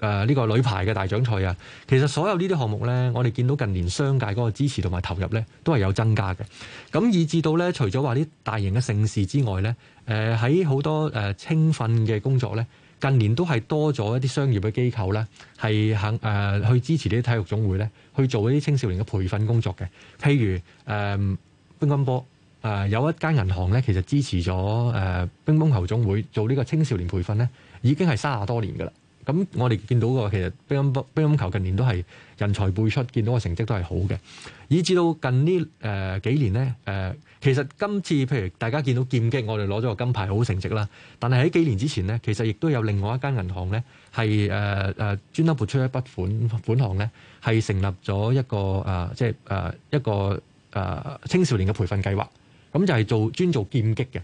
誒、呃、呢、呢個女排嘅大獎賽啊，其實所有呢啲項目呢，我哋見到近年商界嗰個支持同埋投入呢，都係有增加嘅。咁以至到呢，除咗話啲大型嘅盛事之外呢，誒喺好多誒青訓嘅工作呢，近年都係多咗一啲商業嘅機構呢，係肯誒去支持啲體育總會呢去做一啲青少年嘅培訓工作嘅。譬如誒乒乓波，誒、呃、有一間銀行呢，其實支持咗誒乒乓球總會做呢個青少年培訓呢，已經係三十多年噶啦。咁我哋見到個其實乒乓球近年都係人才輩出，見到個成績都係好嘅，以至到近呢誒幾年咧誒，其實今次譬如大家見到劍擊，我哋攞咗個金牌好成績啦。但係喺幾年之前咧，其實亦都有另外一間銀行咧，係誒誒專登撥出一筆款款項咧，係成立咗一個誒即係誒一個誒青少年嘅培訓計劃，咁就係做專做劍擊嘅。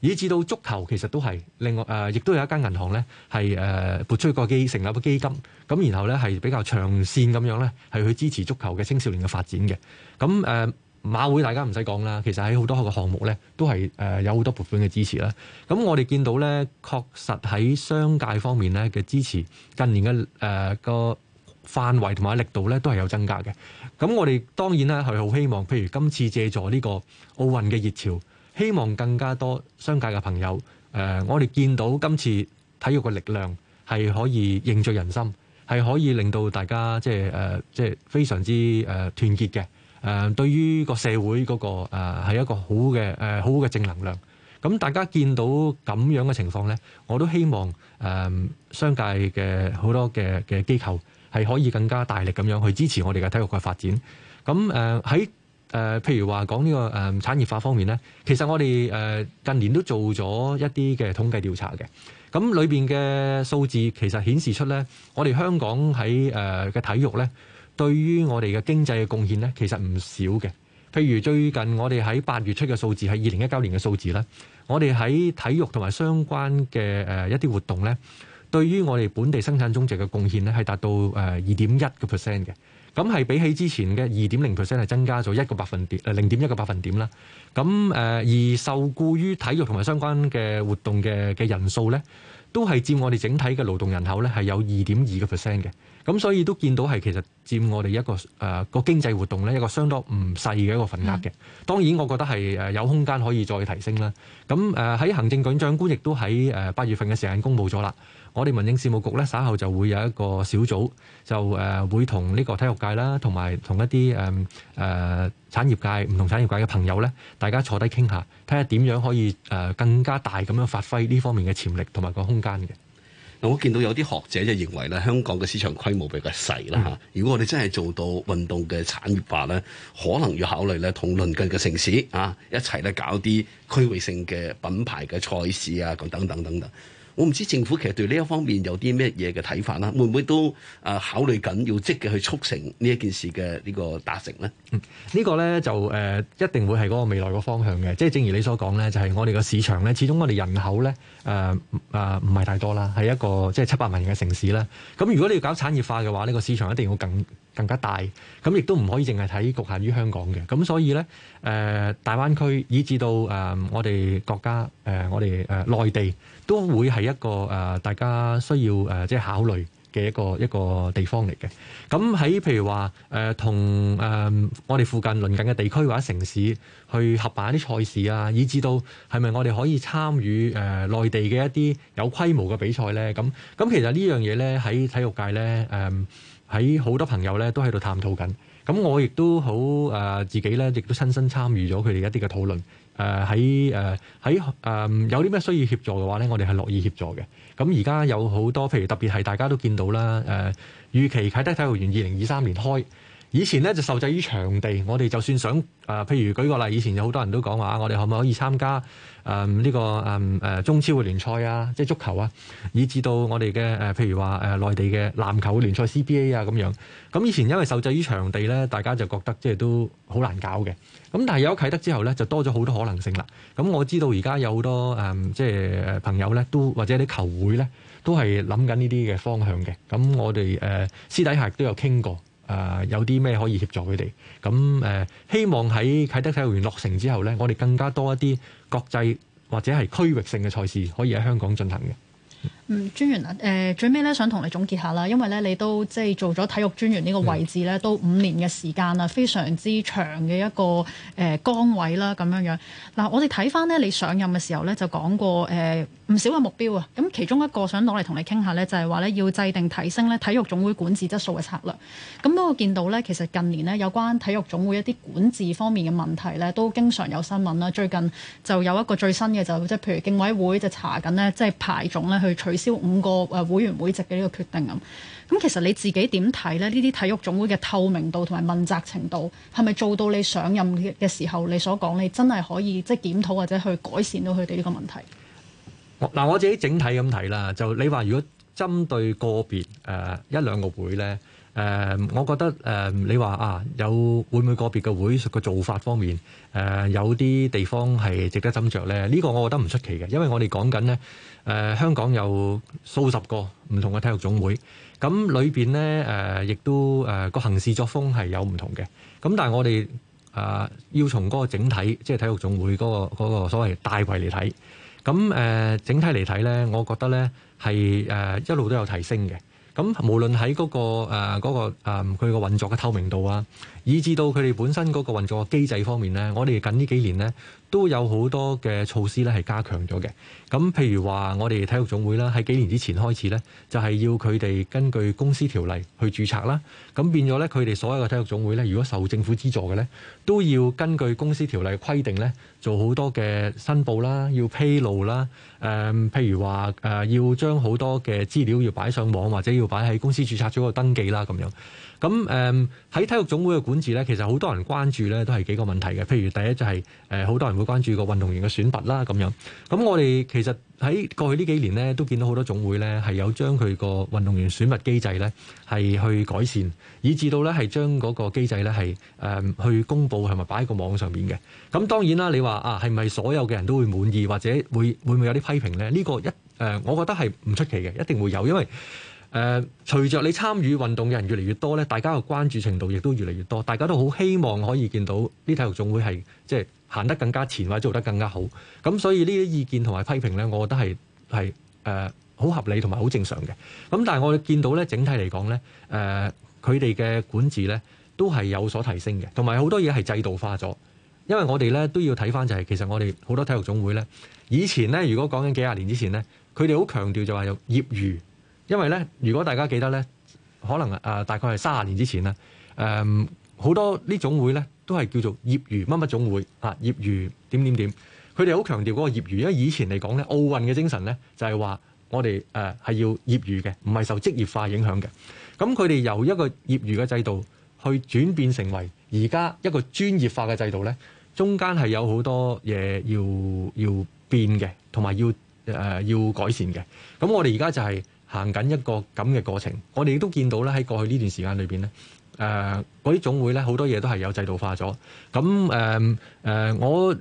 以至到足球其實都係另外誒，亦、呃、都有一間銀行咧，係誒、呃、撥出一個基成立個基金，咁然後咧係比較長線咁樣咧，係去支持足球嘅青少年嘅發展嘅。咁誒、呃、馬會大家唔使講啦，其實喺好多個項目咧都係誒、呃、有好多撥款嘅支持啦。咁我哋見到咧，確實喺商界方面咧嘅支持，近年嘅誒、呃、個範圍同埋力度咧都係有增加嘅。咁我哋當然咧係好希望，譬如今次借助呢個奧運嘅熱潮。希望更加多商界嘅朋友，誒，我哋見到今次體育嘅力量係可以凝聚人心，係可以令到大家即係誒，即係非常之誒團結嘅。誒，對於個社會嗰個誒係一個好嘅誒好嘅正能量。咁大家見到咁樣嘅情況咧，我都希望誒商界嘅好多嘅嘅機構係可以更加大力咁樣去支持我哋嘅體育嘅發展。咁誒喺。誒，譬如話講呢個誒產業化方面咧，其實我哋誒近年都做咗一啲嘅統計調查嘅。咁裏邊嘅數字其實顯示出咧，我哋香港喺誒嘅體育咧，對於我哋嘅經濟嘅貢獻咧，其實唔少嘅。譬如最近我哋喺八月出嘅數字，係二零一九年嘅數字咧。我哋喺體育同埋相關嘅誒一啲活動咧，對於我哋本地生產總值嘅貢獻咧，係達到誒二點一個 percent 嘅。咁係比起之前嘅二點零 percent 係增加咗一個百分點，零點一個百分點啦。咁誒而受雇於體育同埋相關嘅活動嘅嘅人數咧，都係佔我哋整體嘅勞動人口咧係有二點二個 percent 嘅。咁所以都見到係其實佔我哋一個誒個經濟活動咧一個相當唔細嘅一個份額嘅。當然我覺得係誒有空間可以再提升啦。咁誒喺行政長官亦都喺誒八月份嘅時間公布咗啦。我哋民政事務局咧稍後就會有一個小組就，就誒會同呢個體育界啦，同埋同一啲誒誒產業界，唔同產業界嘅朋友咧，大家坐低傾下，睇下點樣可以誒更加大咁樣發揮呢方面嘅潛力同埋個空間嘅。嗱，我見到有啲學者就認為咧，香港嘅市場規模比較細啦吓。如果我哋真係做到運動嘅產業化咧，可能要考慮咧同鄰近嘅城市啊，一齊咧搞啲區域性嘅品牌嘅賽事啊，等等等等。我唔知政府其實對呢一方面有啲咩嘢嘅睇法啦，會唔會都啊考慮緊要積極去促成呢一件事嘅呢個達成咧？嗯，這個、呢個咧就誒、呃、一定會係嗰個未來個方向嘅，即、就、係、是、正如你所講咧，就係、是、我哋個市場咧，始終我哋人口咧誒誒唔係太多啦，係一個即係、就是、七百萬人嘅城市啦。咁如果你要搞產業化嘅話，呢、那個市場一定要更更加大，咁亦都唔可以淨係睇局限於香港嘅。咁所以咧誒、呃，大灣區以至到誒、呃、我哋國家誒、呃、我哋誒、呃、內地。都會係一個誒，大家需要誒，即係考慮嘅一個一個地方嚟嘅。咁喺譬如話誒，同誒我哋附近鄰近嘅地區或者城市去合辦一啲賽事啊，以至到係咪我哋可以參與誒內地嘅一啲有規模嘅比賽呢？咁咁其實呢樣嘢呢喺體育界呢誒，喺好多朋友呢都喺度探討緊。咁我亦都好誒，自己呢亦都親身參與咗佢哋一啲嘅討論。誒喺誒喺誒有啲咩需要協助嘅話咧，我哋係樂意協助嘅。咁而家有好多，譬如特別係大家都見到啦，誒、呃、預期啟德體育園二零二三年開。以前咧就受制於場地，我哋就算想誒、譬如舉個例，以前有好多人都講話，我哋可唔可以參加誒呢、嗯呢個誒、嗯呃、中超嘅聯賽啊，即係足球啊，以至到我哋嘅、呃、譬如話誒內地嘅籃球嘅聯賽 CBA 啊，咁樣咁、嗯。以前因為受制於場地咧，大家就覺得即係都好難搞嘅。咁但係有啟德之後咧，就多咗好多可能性啦。咁、嗯、我知道而家有好多誒、嗯，即係朋友咧，都或者啲球會咧，都係諗緊呢啲嘅方向嘅。咁我哋誒、呃、私底下亦都有傾過。誒、呃、有啲咩可以協助佢哋咁誒，希望喺啟德體育園落成之後呢，我哋更加多一啲國際或者係區域性嘅賽事可以喺香港進行嘅。嗯，專員啊、呃，最尾咧想同你總結下啦，因為咧你都即係做咗體育專員呢個位置咧，都五年嘅時間啦，非常之長嘅一個誒、呃、崗位啦咁樣樣。嗱、呃，我哋睇翻呢，你上任嘅時候咧就講過誒唔、呃、少嘅目標啊，咁其中一個想攞嚟同你傾下咧就係話咧要制定提升咧體育總會管治質素嘅策略。咁我見到咧其實近年呢，有關體育總會一啲管治方面嘅問題咧都經常有新聞啦，最近就有一個最新嘅就即、是、係譬如競委會就查緊呢，即係排總咧去取少五個誒會員會籍嘅呢個決定咁，咁其實你自己點睇咧？呢啲體育總會嘅透明度同埋問責程度，係咪做到你上任嘅時候你所講，你真係可以即係檢討或者去改善到佢哋呢個問題？嗱，我自己整體咁睇啦，就你話如果針對個別誒一兩個會咧，誒，我覺得誒，你話啊，有會唔會個別嘅會個做法方面誒，有啲地方係值得斟酌咧？呢個我覺得唔出奇嘅，因為我哋講緊咧。誒香港有數十個唔同嘅體育總會，咁裏邊咧誒，亦都誒個行事作風係有唔同嘅。咁但係我哋啊，要從嗰個整體，即係體育總會嗰個嗰個所謂大圍嚟睇。咁誒整體嚟睇咧，我覺得咧係誒一路都有提升嘅。咁無論喺嗰個誒嗰個誒佢個運作嘅透明度啊，以至到佢哋本身嗰個運作機制方面咧，我哋近呢幾年咧都有好多嘅措施咧係加強咗嘅。咁譬如話，我哋體育總會啦，喺幾年之前開始咧，就係要佢哋根據公司條例去註冊啦。咁變咗咧，佢哋所有嘅體育總會咧，如果受政府資助嘅咧，都要根據公司條例規定咧，做好多嘅申報啦、要披露啦。誒、呃、譬如話，誒、呃、要將好多嘅資料要擺上網，或者要擺喺公司註冊咗個登記啦，咁樣。咁誒喺體育總會嘅管治咧，其實好多人關注咧，都係幾個問題嘅。譬如第一就係誒，好多人會關注個運動員嘅選拔啦咁樣。咁我哋其實喺過去呢幾年咧，都見到好多總會咧係有將佢個運動員選拔機制咧係去改善，以至到咧係將嗰個機制咧係誒去公佈係咪擺喺個網上面嘅。咁當然啦，你話啊係咪所有嘅人都會滿意或者會會唔會有啲批評咧？呢個一誒，我覺得係唔出奇嘅，一定會有，因為。誒、呃，隨着你參與運動嘅人越嚟越多咧，大家嘅關注程度亦都越嚟越多，大家都好希望可以見到啲體育總會係即係行得更加前或者做得更加好。咁所以呢啲意見同埋批評咧，我覺得係係誒好合理同埋好正常嘅。咁但係我見到咧，整體嚟講咧，誒佢哋嘅管治咧都係有所提升嘅，同埋好多嘢係制度化咗。因為我哋咧都要睇翻就係、係、其實我哋好多體育總會咧，以前咧如果講緊幾廿年之前咧，佢哋好強調就話有業餘。因為咧，如果大家記得咧，可能啊、呃、大概係三十年之前啦，誒、呃、好多呢種會咧都係叫做業餘乜乜總會啊，業餘點點點，佢哋好強調嗰個業餘，因為以前嚟講咧，奧運嘅精神咧就係、是、話我哋誒係要業餘嘅，唔係受職業化影響嘅。咁佢哋由一個業餘嘅制度去轉變成為而家一個專業化嘅制度咧，中間係有好多嘢要要變嘅，同埋要誒、呃、要改善嘅。咁我哋而家就係、是。行緊一個咁嘅過程，我哋亦都見到咧，喺過去呢段時間裏邊咧，誒嗰啲總會咧，好多嘢都係有制度化咗。咁誒誒我誒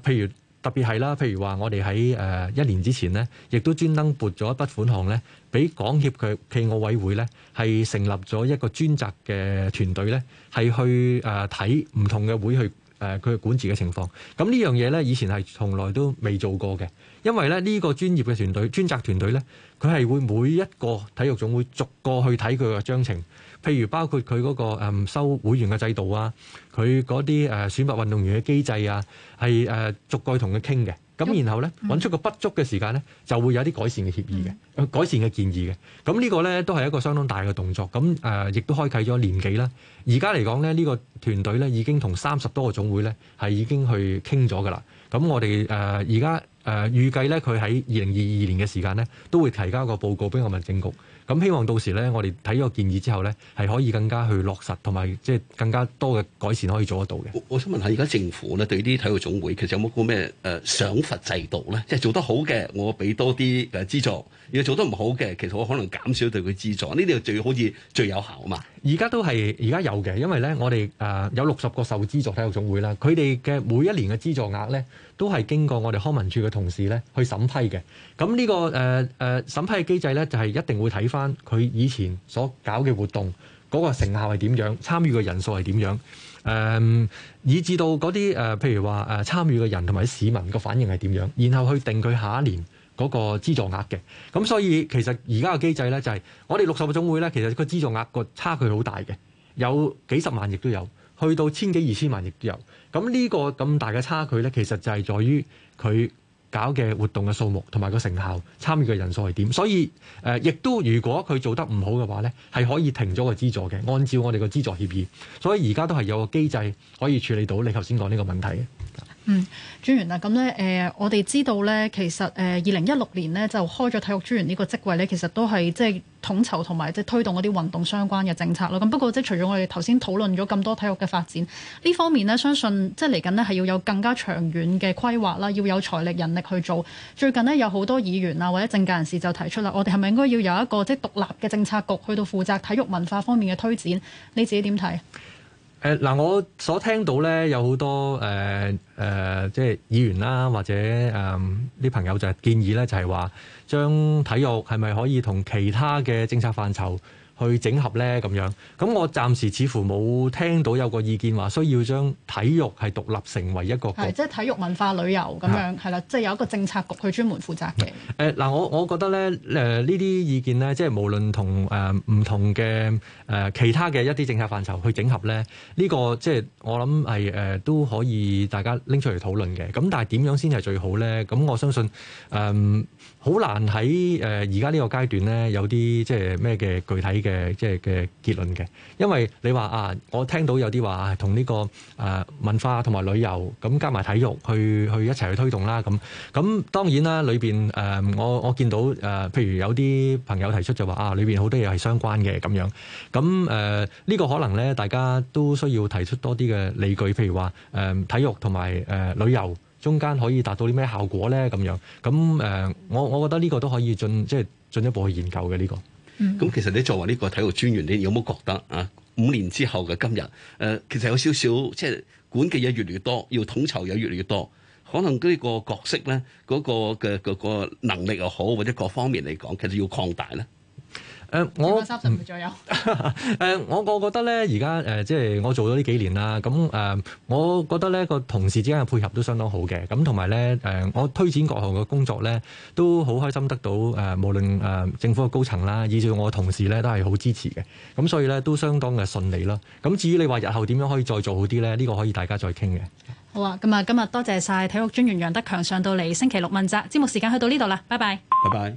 譬如特別係啦，譬如話我哋喺誒一年之前咧，亦都專登撥咗一筆款項咧，俾港協暨奧委會咧，係成立咗一個專責嘅團隊咧，係去誒睇唔同嘅會去誒佢嘅管治嘅情況。咁呢樣嘢咧，以前係從來都未做過嘅。因為咧，這個、專專呢個專業嘅團隊，專責團隊呢，佢係會每一個體育總會逐個去睇佢嘅章程，譬如包括佢嗰、那個、嗯、收會員嘅制度啊，佢嗰啲誒選拔運動員嘅機制啊，係、呃、逐個同佢傾嘅。咁然後呢，揾出個不足嘅時間呢，就會有啲改善嘅協議嘅改善嘅建議嘅。咁呢個呢都係一個相當大嘅動作。咁亦、呃、都開啟咗年幾啦。而家嚟講呢，這個、團隊呢個團隊呢已經同三十多個總會呢係已經去傾咗㗎啦。咁我哋而家。呃誒預計咧，佢喺二零二二年嘅時間咧，都會提交個報告俾我民政局。咁希望到時咧，我哋睇咗個建議之後咧，係可以更加去落實同埋，即係更加多嘅改善可以做得到嘅。我我想問下，而家政府咧對啲體育總會其實有冇個咩誒賞罰制度咧？即係做得好嘅，我俾多啲誒資助；而做得唔好嘅，其實我可能減少對佢資助。呢啲最好似最有效啊嘛。而家都係而家有嘅，因為咧我哋誒、呃、有六十個受資助體育總會啦，佢哋嘅每一年嘅資助額咧，都係經過我哋康文署嘅同事咧去審批嘅。咁呢、這個誒誒、呃、審批嘅機制咧，就係、是、一定會睇返佢以前所搞嘅活動嗰、那個成效係點樣，參與嘅人數係點樣，誒、嗯、以至到嗰啲誒譬如話誒參與嘅人同埋市民個反應係點樣，然後去定佢下一年嗰個資助額嘅。咁所以其實而家嘅機制咧，就係、是、我哋六十個總會咧，其實個資助額個差距好大嘅，有幾十萬亦都有，去到千幾二千萬亦都有，咁呢個咁大嘅差距呢，其實就係在於佢搞嘅活動嘅數目同埋個成效，參與嘅人數係點。所以呃、亦都如果佢做得唔好嘅話呢，係可以停咗個資助嘅。按照我哋個資助協議，所以而家都係有個機制可以處理到你頭先講呢個問題。嗯，專員啊，咁咧，呃，我哋知道咧，其實誒，二零一六年咧就開咗體育專員呢個職位咧，其實都係即係統籌同埋即係推動嗰啲運動相關嘅政策咯。咁不過即係除咗我哋頭先討論咗咁多體育嘅發展呢方面咧，相信即係嚟緊咧係要有更加長遠嘅規劃啦，要有財力人力去做。最近呢，有好多議員啊或者政界人士就提出啦，我哋係咪應該要有一個即係獨立嘅政策局去到負責體育文化方面嘅推展？你自己點睇？誒、啊、嗱，我所聽到咧有好多誒誒、呃呃，即係議員啦，或者誒啲、呃、朋友就建議咧，就係話將體育係咪可以同其他嘅政策範疇，去整合咧咁樣，咁我暫時似乎冇聽到有個意見話需要將體育係獨立成為一個局，係即係體育文化旅遊咁樣係啦，即係、就是、有一個政策局去專門負責嘅。誒嗱、呃，我我覺得咧，誒呢啲意見咧，即係無論、呃、同誒唔同嘅誒其他嘅一啲政策範疇去整合咧，呢、這個即係我諗係誒都可以大家拎出嚟討論嘅。咁但係點樣先係最好咧？咁我相信誒好、呃、難喺誒而家呢個階段咧有啲即係咩嘅具體嘅。嘅即係嘅結論嘅，因為你話啊，我聽到有啲話同呢個誒、啊、文化同埋旅遊咁加埋體育去去一齊去推動啦咁，咁、啊啊、當然啦，裏邊誒我我見到誒、啊，譬如有啲朋友提出就話啊，裏邊好多嘢係相關嘅咁樣，咁誒呢個可能咧，大家都需要提出多啲嘅理據，譬如話誒、啊、體育同埋誒旅遊中間可以達到啲咩效果咧咁樣，咁、啊、誒我我覺得呢個都可以進即係進一步去研究嘅呢、這個。咁、嗯、其實你作為呢個體育專員，你有冇覺得啊？五年之後嘅今日，誒、呃，其實有少少即係管嘅嘢越嚟越多，要統籌嘢越嚟越多，可能呢個角色咧，嗰、嗰個嘅、嗰個嗰個能力又好，或者各方面嚟講，其實要擴大咧。誒、呃、我三十歲左右。誒我我覺得咧，而家誒即係我做咗呢幾年啦。咁誒，我覺得咧個、呃呃、同事之間嘅配合都相當好嘅。咁同埋咧誒，我推展各項嘅工作咧，都好開心得到誒、呃，無論誒、呃、政府嘅高層啦，以至我同事咧都係好支持嘅。咁所以咧都相當嘅順利啦。咁至於你話日後點樣可以再做好啲咧？呢、呢個可以大家再傾嘅。好啊，咁啊，今日多謝晒體育專員楊德強上到嚟星期六問責節目時間，去到呢度啦，拜拜。拜拜。